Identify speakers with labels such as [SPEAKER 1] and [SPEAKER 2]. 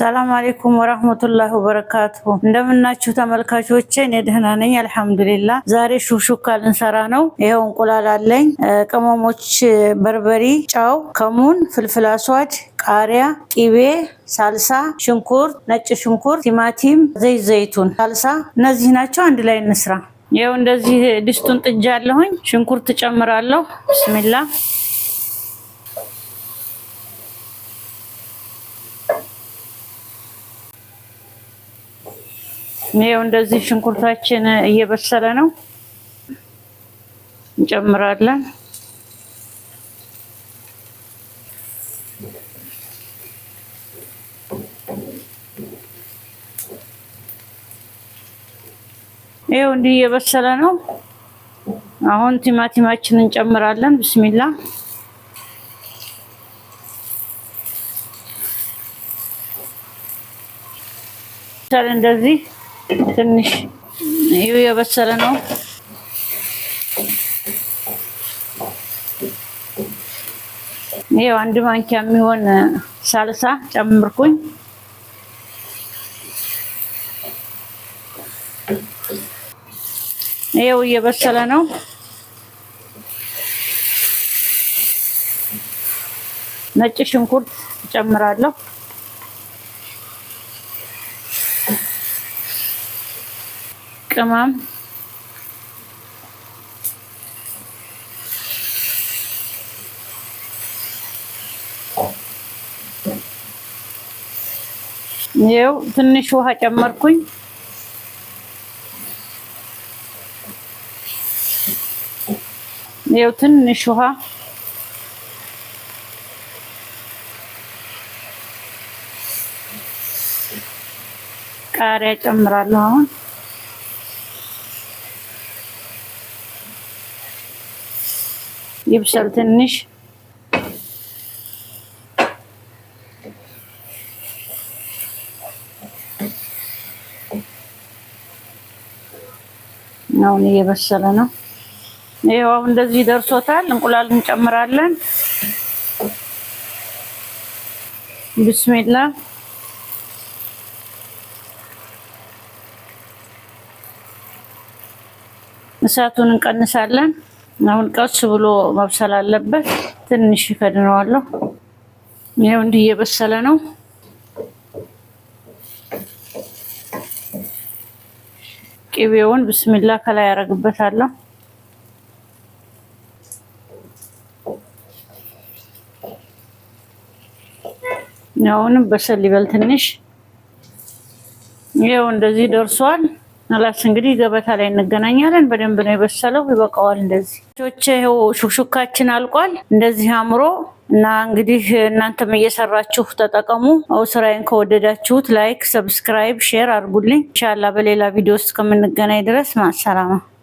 [SPEAKER 1] ሰላም አሌይኩም ወራህመቱላሂ ወበረካቱሁ። እንደምናችሁ ተመልካቾቼ፣ እኔ ደህና ነኝ አልሐምዱሊላ። ዛሬ ሹክሹክታ ልንሰራ ነው። ይኸው እንቁላል አለኝ፣ ቅመሞች፣ በርበሪ፣ ጨው፣ ከሙን፣ ፍልፍል አስዋድ፣ ቃሪያ፣ ቂቤ፣ ሳልሳ፣ ሽንኩርት፣ ነጭ ሽንኩርት፣ ቲማቲም፣ ዘይት ዘይቱን፣ ሳልሳ፣ እነዚህ ናቸው። አንድ ላይ እንስራ። ይኸው እንደዚህ ድስቱን ጥጃ አለሁኝ። ሽንኩርት ጨምራለሁ። ብስሚላ ይኸው እንደዚህ ሽንኩርታችን እየበሰለ ነው፣ እንጨምራለን። ይኸው እንዲህ እየበሰለ ነው። አሁን ቲማቲማችንን እንጨምራለን። ብስሚላ እንደዚህ ትንሽ ይኸው የበሰለ ነው። ይኸው አንድ ማንኪያ የሚሆን ሳልሳ ጨምርኩኝ። ይኸው እየበሰለ ነው። ነጭ ሽንኩርት እጨምራለሁ። ቅመም ይኸው ትንሽ ውሃ ጨመርኩኝ። ይኸው ትንሽ ውሃ ቃሪያ ጨምራለሁ አሁን ይብሰል ትንሽ። አሁን እየበሰለ ነው። ይኸው አሁን እንደዚህ ደርሶታል። እንቁላል እንጨምራለን። ብስሚላ እሳቱን እንቀንሳለን። አሁን ቀስ ብሎ መብሰል አለበት። ትንሽ ይከድነዋለሁ። ይኸው እንዲህ እየበሰለ ነው። ቅቤውን ብስሚላ ከላይ ያደርግበታለሁ። አሁንም በሰል ይበል ትንሽ። ይኸው እንደዚህ ደርሷል። ነላስ እንግዲህ ገበታ ላይ እንገናኛለን። በደንብ ነው የበሰለው፣ ይበቃዋል። እንደዚህ ቾች ሹክሹካችን አልቋል። እንደዚህ አምሮ እና እንግዲህ እናንተም እየሰራችሁ ተጠቀሙ። ስራዬን ከወደዳችሁት ላይክ፣ ሰብስክራይብ፣ ሼር አድርጉልኝ። ኢንሻላህ በሌላ ቪዲዮ ከምንገናኝ ድረስ ማሰላማ